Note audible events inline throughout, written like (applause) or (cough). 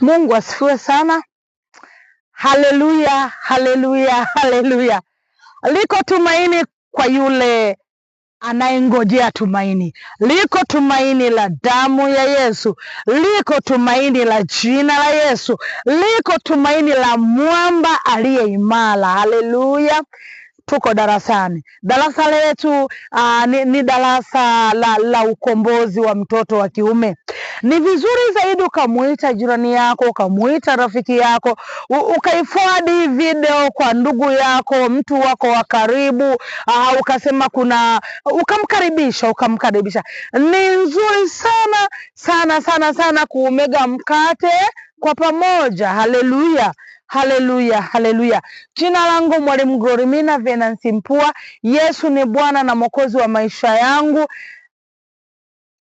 Mungu asifiwe sana. Haleluya, haleluya, haleluya. Liko tumaini kwa yule anayengojea tumaini. Liko tumaini la damu ya Yesu, liko tumaini la jina la Yesu, liko tumaini la mwamba aliye imara. Haleluya, tuko darasani. Darasa letu uh, ni, ni darasa la, la ukombozi wa mtoto wa kiume. Ni vizuri zaidi ukamuita jirani yako, ukamuita rafiki yako, ukaifuadi video kwa ndugu yako, mtu wako wa karibu, ah, ukasema kuna, ukamkaribisha, ukamkaribisha. Ni nzuri sana sana sana sana kuumega mkate kwa pamoja. Haleluya! Haleluya, haleluya. Jina langu Mwalimu Glorimina Venansi Mpua. Yesu ni Bwana na Mwokozi wa maisha yangu.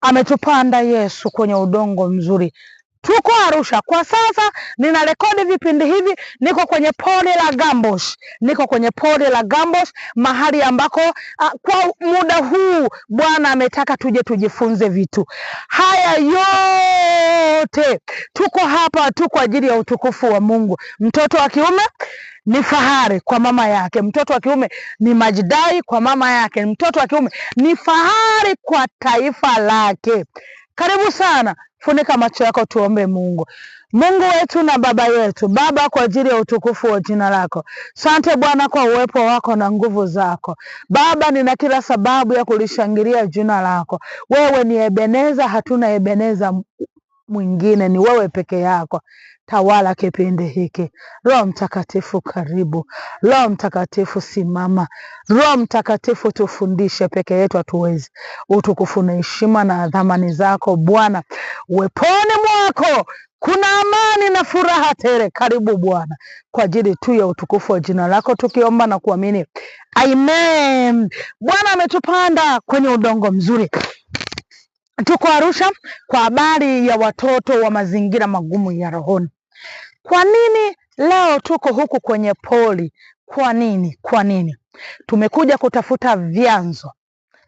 Ametupanda Yesu kwenye udongo mzuri. Tuko Arusha kwa sasa, nina rekodi vipindi hivi, niko kwenye pori la Gambosh, niko kwenye pori la Gambosh, mahali ambako a, ah, kwa muda huu Bwana ametaka tuje tujifunze vitu haya yote wote tuko hapa tu kwa ajili ya utukufu wa Mungu. Mtoto wa kiume ni fahari kwa mama yake, mtoto wa kiume ni majdai kwa mama yake, mtoto wa kiume ni fahari kwa taifa lake. Karibu sana, funika macho yako, tuombe Mungu. Mungu wetu na baba yetu, Baba, kwa ajili ya utukufu wa jina lako, sante Bwana kwa uwepo wako na nguvu zako. Baba, nina kila sababu ya kulishangilia jina lako. Wewe ni Ebeneza, hatuna Ebeneza mwingine, ni wewe peke yako. Tawala kipindi hiki. Roho Mtakatifu karibu. Roho Mtakatifu simama. Roho Mtakatifu tufundishe, peke yetu hatuwezi. Utukufu na heshima na dhamani zako Bwana. Uweponi mwako kuna amani na furaha tele. Karibu Bwana, kwa ajili tu ya utukufu wa jina lako tukiomba na kuamini, amen. Bwana ametupanda kwenye udongo mzuri. Tuko Arusha kwa habari ya watoto wa mazingira magumu ya rohoni. Kwa nini leo tuko huku kwenye poli? Kwa nini? Kwa nini? Tumekuja kutafuta vyanzo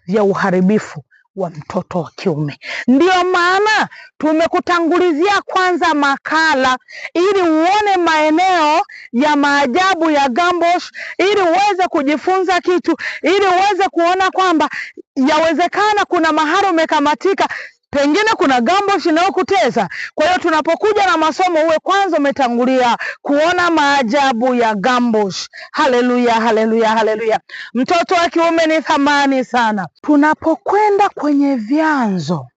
vya uharibifu wa mtoto wa kiume. Ndiyo maana tumekutangulizia kwanza makala ili uone maeneo ya maajabu ya Gambosh, ili uweze kujifunza kitu, ili uweze kuona kwamba yawezekana kuna mahali umekamatika, pengine kuna gumboot inayokuteza. Kwa hiyo tunapokuja na masomo, uwe kwanza umetangulia kuona maajabu ya gumboot. Haleluya, haleluya, haleluya! Mtoto wa kiume ni thamani sana. Tunapokwenda kwenye vyanzo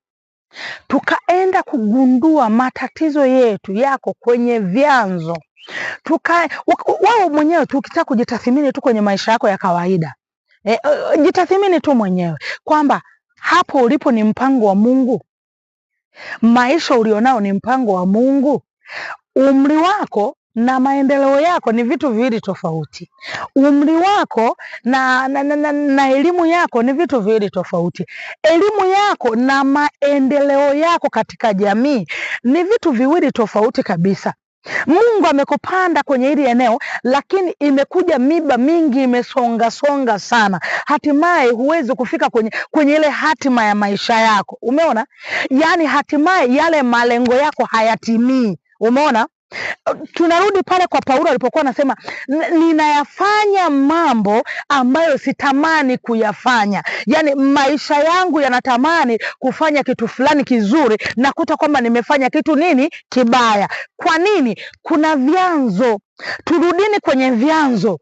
tukaenda kugundua matatizo yetu yako kwenye vyanzo, tuka wewe mwenyewe, tukitaka kujitathimini tu kwenye maisha yako ya kawaida E, jitathimini tu mwenyewe kwamba hapo ulipo ni mpango wa Mungu, maisha ulionao ni mpango wa Mungu. Umri wako na maendeleo yako ni vitu viwili tofauti. Umri wako na, na, na, na, na elimu yako ni vitu viwili tofauti. Elimu yako na maendeleo yako katika jamii ni vitu viwili tofauti kabisa. Mungu amekupanda kwenye hili eneo, lakini imekuja miba mingi, imesongasonga sana, hatimaye huwezi kufika kwenye, kwenye ile hatima ya maisha yako. Umeona, yaani hatimaye yale malengo yako hayatimii. Umeona Uh, tunarudi pale kwa Paulo alipokuwa anasema ninayafanya mambo ambayo sitamani kuyafanya, yaani maisha yangu yanatamani kufanya kitu fulani kizuri, nakuta kwamba nimefanya kitu nini kibaya. Kwa nini? Kuna vyanzo. Turudini kwenye vyanzo.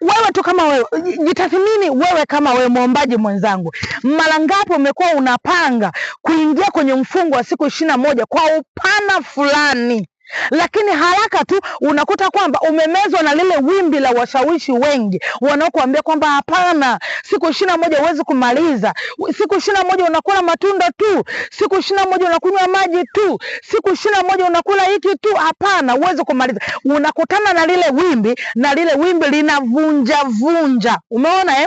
Wewe tu kama wewe, jitathmini wewe kama wewe mwombaji mwenzangu, mara ngapi umekuwa unapanga kuingia kwenye mfungo wa siku ishirini na moja kwa upana fulani lakini haraka tu unakuta kwamba umemezwa na lile wimbi la washawishi wengi wanaokuambia kwamba hapana, siku ishirini na moja huwezi kumaliza. Siku ishirini na moja unakula matunda tu, siku ishirini na moja unakunywa maji tu, siku ishirini na moja unakula hiki tu. Hapana, huwezi kumaliza. Unakutana na lile wimbi na lile wimbi linavunja vunja, umeona eh?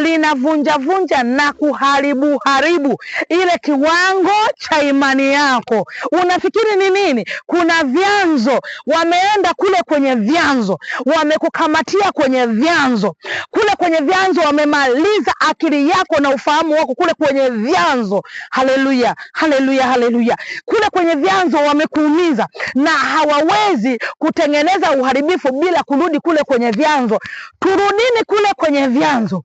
Linavunja vunja na kuharibu haribu ile kiwango cha imani yako. Unafikiri ni nini? kuna vyanzo, wameenda kule kwenye vyanzo, wamekukamatia kwenye vyanzo, kule kwenye vyanzo wamemaliza akili yako na ufahamu wako kule kwenye vyanzo. Haleluya, haleluya, haleluya! Kule kwenye vyanzo wamekuumiza, na hawawezi kutengeneza uharibifu bila kurudi kule kwenye vyanzo. Turudini kule kwenye vyanzo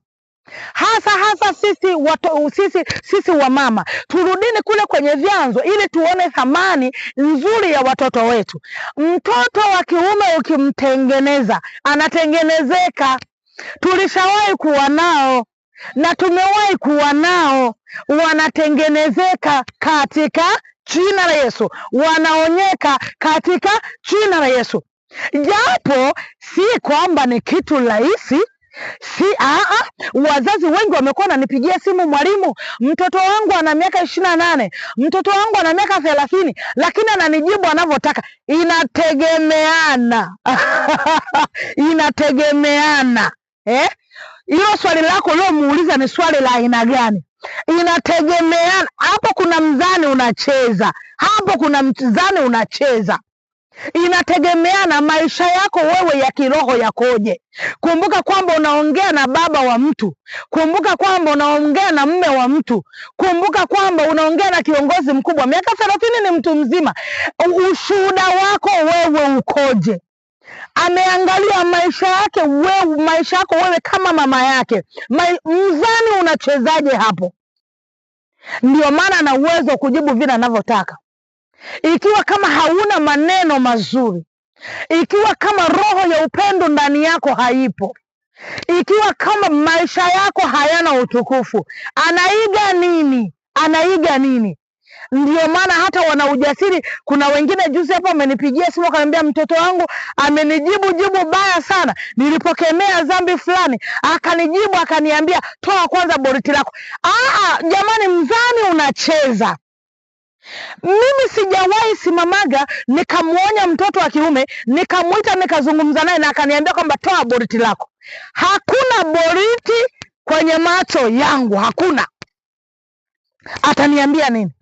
hasa hasa sisi wato, sisi, sisi mama turudini kule kwenye vyanzo ili tuone thamani nzuri ya watoto wetu. Mtoto wa kiume ukimtengeneza anatengenezeka. Tulishawahi kuwa nao na tumewahi kuwa nao, wanatengenezeka katika jina la Yesu, wanaonyeka katika jina la Yesu, japo si kwamba ni kitu rahisi Si aa, ah, ah, wazazi wengi wamekuwa wananipigia simu, mwalimu, mtoto wangu ana miaka ishirini na nane, mtoto wangu ana miaka thelathini, lakini ananijibu anavyotaka. Inategemeana (laughs) inategemeana eh? Hilo swali lako uliomuuliza ni swali la aina gani? Inategemeana. Hapo kuna mzani unacheza, hapo kuna mzani unacheza. Inategemeana maisha yako wewe ya kiroho yakoje. Kumbuka kwamba unaongea na baba wa mtu, kumbuka kwamba unaongea na mme wa mtu, kumbuka kwamba unaongea na kiongozi mkubwa. Miaka thelathini ni mtu mzima. Ushuhuda wako wewe ukoje? Ameangalia maisha yake wewe, maisha yako wewe kama mama yake. Ma, mzani unachezaje hapo? Ndio maana ana uwezo wa kujibu vile anavyotaka. Ikiwa kama hauna maneno mazuri, ikiwa kama roho ya upendo ndani yako haipo, ikiwa kama maisha yako hayana utukufu, anaiga nini? Anaiga nini? Ndio maana hata wana ujasiri. Kuna wengine juzi hapo amenipigia simu akaniambia, mtoto wangu amenijibu jibu baya sana, nilipokemea dhambi fulani akanijibu akaniambia, toa kwanza boriti lako. jamani, mzani unacheza mimi sijawahi simamaga nikamwonya mtoto wa kiume nikamwita nikazungumza naye na akaniambia kwamba toa boriti lako. Hakuna boriti kwenye macho yangu, hakuna. Ataniambia nini?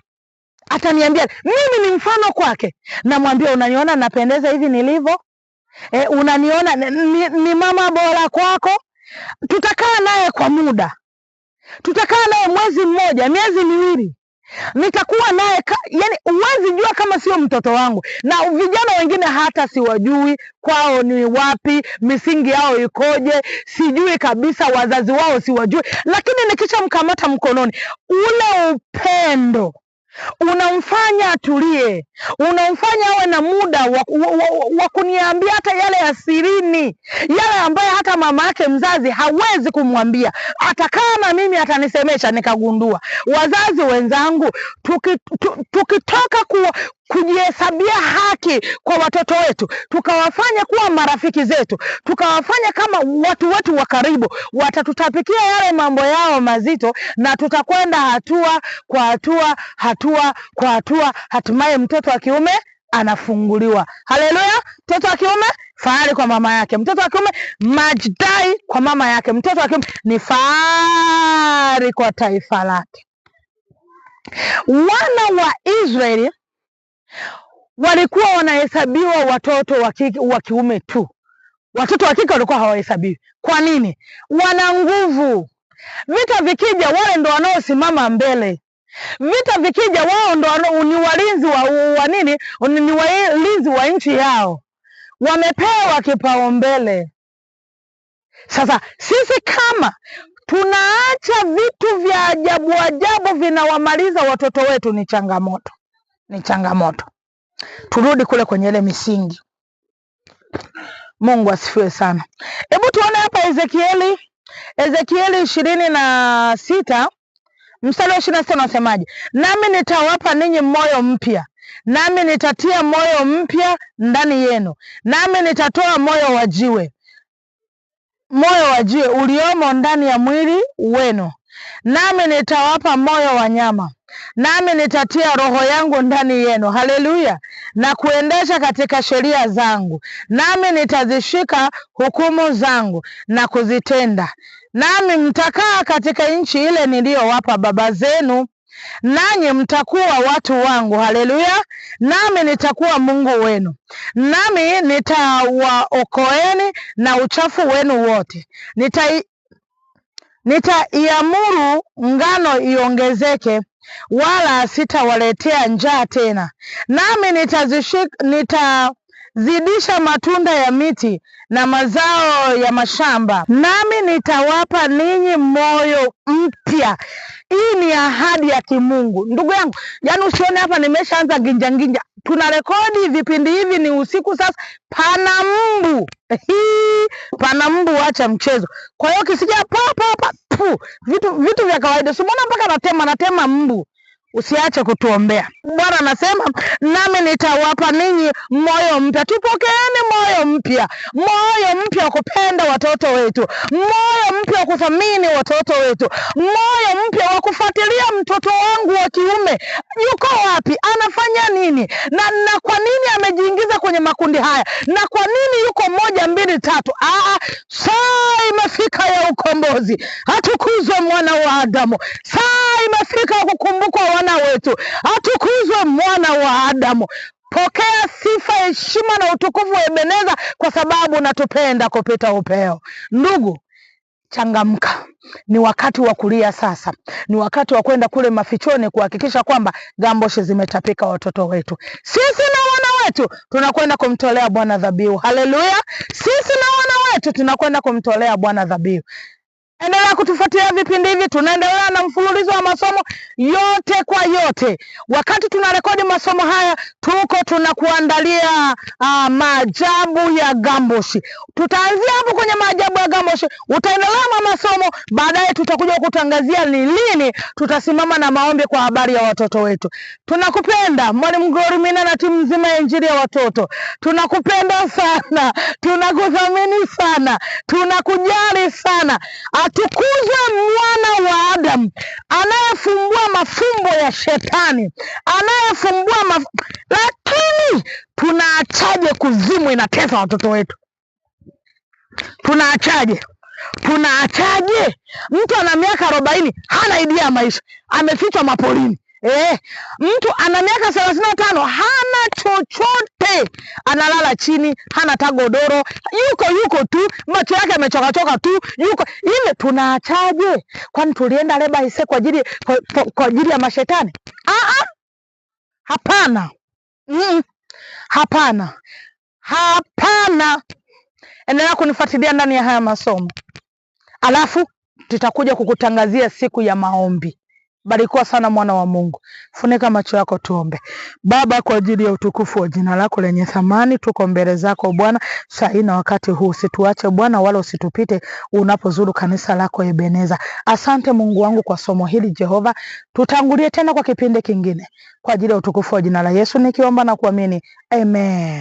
Ataniambia mimi ni mfano kwake. Namwambia unaniona napendeza hivi nilivyo? E, unaniona ni, ni mama bora kwako. Tutakaa naye kwa muda, tutakaa naye mwezi mmoja, miezi miwili nitakuwa naye yani, huwezi jua kama sio mtoto wangu. Na vijana wengine hata siwajui, kwao ni wapi, misingi yao ikoje, sijui kabisa, wazazi wao siwajui, lakini nikishamkamata mkononi, ule upendo unamfanya atulie, unamfanya awe na muda wa, wa, wa, wa kuniambia hata yale ya sirini, yale ambayo hata mama yake mzazi hawezi kumwambia. Atakaa na mimi atanisemesha, nikagundua wazazi wenzangu tukitoka tuki kujihesabia haki kwa watoto wetu, tukawafanya kuwa marafiki zetu, tukawafanya kama watu wetu wa karibu. Watatutapikia yale mambo yao mazito, na tutakwenda hatua kwa hatua, hatua kwa hatua, hatimaye mtoto wa kiume anafunguliwa. Haleluya! Mtoto wa kiume fahari kwa mama yake, mtoto wa kiume majdai kwa mama yake, mtoto wa kiume ni fahari kwa taifa lake. Wana wa Israeli walikuwa wanahesabiwa watoto wa kiume tu. Watoto wa kike walikuwa hawahesabiwi. Kwa nini? Wana nguvu. Vita vikija, wale ndo wanaosimama mbele. Vita vikija, wao ndo ni walinzi wa, wa nini, ni walinzi wa nchi yao, wamepewa kipaumbele. Sasa sisi kama tunaacha vitu vya ajabu ajabu vinawamaliza watoto wetu, ni changamoto ni changamoto. Turudi kule kwenye ile misingi. Mungu asifiwe sana. Hebu tuone hapa Ezekieli, Ezekieli ishirini na sita mstari wa ishirini na sita unasemaje? Nami nitawapa ninyi moyo mpya, nami nitatia moyo mpya ndani yenu, nami nitatoa moyo wa jiwe, moyo wa jiwe uliomo ndani ya mwili wenu, nami nitawapa moyo wa nyama nami nitatia roho yangu ndani yenu, haleluya, na kuendesha katika sheria zangu, nami nitazishika hukumu zangu na kuzitenda. Nami mtakaa katika nchi ile niliyowapa baba zenu, nanyi mtakuwa watu wangu, haleluya, nami nitakuwa Mungu wenu, nami nitawaokoeni na uchafu wenu wote nita nitaiamuru ngano iongezeke wala sitawaletea njaa tena, nami nitazishik, nita zidisha matunda ya miti na mazao ya mashamba, nami nitawapa ninyi moyo mpya. Hii ni ahadi ya kimungu, ndugu yangu. Yaani usione hapa nimeshaanza ginja tuna rekodi vipindi hivi, ni usiku sasa, pana mbu hii, pana mbu, acha mchezo. Kwa hiyo kisija popopa Alafu vitu vitu vya kawaida, si umeona mpaka anatema anatema mbu Usiache kutuombea. Bwana anasema nami nitawapa ninyi moyo mpya. Tupokeeni moyo mpya, moyo mpya wa kupenda watoto wetu, moyo mpya wa kuthamini watoto wetu, moyo mpya wa kufuatilia mtoto wangu wa kiume yuko wapi, anafanya nini, na, na kwa nini amejiingiza kwenye makundi haya, na kwa nini yuko moja mbili tatu. Ah, ah saa imefika ya ukombozi, atukuzwe mwana wa Adamu. Saa imefika ya kukumbukwa mwana wetu, atukuzwe mwana wa Adamu. Pokea sifa, heshima na utukufu wa Ebeneza, kwa sababu unatupenda kupita upeo. Ndugu, changamka. Ni wakati wa kulia sasa, ni wakati wa kwenda kule mafichoni kuhakikisha kwamba gamboshi zimetapika watoto wetu. Sisi na wana wetu tunakwenda kumtolea Bwana dhabihu. Haleluya! Sisi na wana wetu tunakwenda kumtolea Bwana dhabihu. Endelea kutufuatia vipindi hivi, tunaendelea na mfululizo wa masomo yote kwa yote. Wakati tunarekodi masomo haya, tuko tunakuandalia uh, maajabu ya Gamboshi. Tutaanzia hapo kwenye maajabu ya Gamboshi, utaendelea na masomo baadaye. Tutakuja kutangazia ni lini tutasimama na maombi kwa habari ya watoto wetu. Tunakupenda Mwalimu Glory Mina na timu nzima ya Injili ya Watoto, tunakupenda sana, tunakuthamini sana, tunakujali sana atukuzwe mwana wa Adamu anayefumbua mafumbo ya shetani, anayefumbua maf... lakini tunaachaje kuzimu inatesa watoto wetu? Tunaachaje? Tunaachaje? Mtu ana miaka arobaini hana idea ya maisha, amefichwa mapolini Eh, mtu ana miaka thelathini na tano hana chochote Hey, analala chini, hana hata godoro, yuko yuko tu, macho yake amechokachoka tu, yuko ile. Tunaachaje? Kwani tulienda leba ise kwa ajili kwa, kwa, ajili ya mashetani? Ah, ah. hapana. Mm, hapana, hapana. Endelea kunifuatilia ndani ya haya masomo, alafu tutakuja kukutangazia siku ya maombi. Barikiwa sana mwana wa Mungu, funika macho yako tuombe. Baba, kwa ajili ya utukufu wa jina lako lenye thamani, tuko mbele zako Bwana saa na wakati huu, usituache Bwana wala usitupite unapozuru kanisa lako Ebeneza. Asante Mungu wangu kwa somo hili Jehova, tutangulie tena kwa kipindi kingine, kwa ajili ya utukufu wa jina la Yesu nikiomba na kuamini, amen.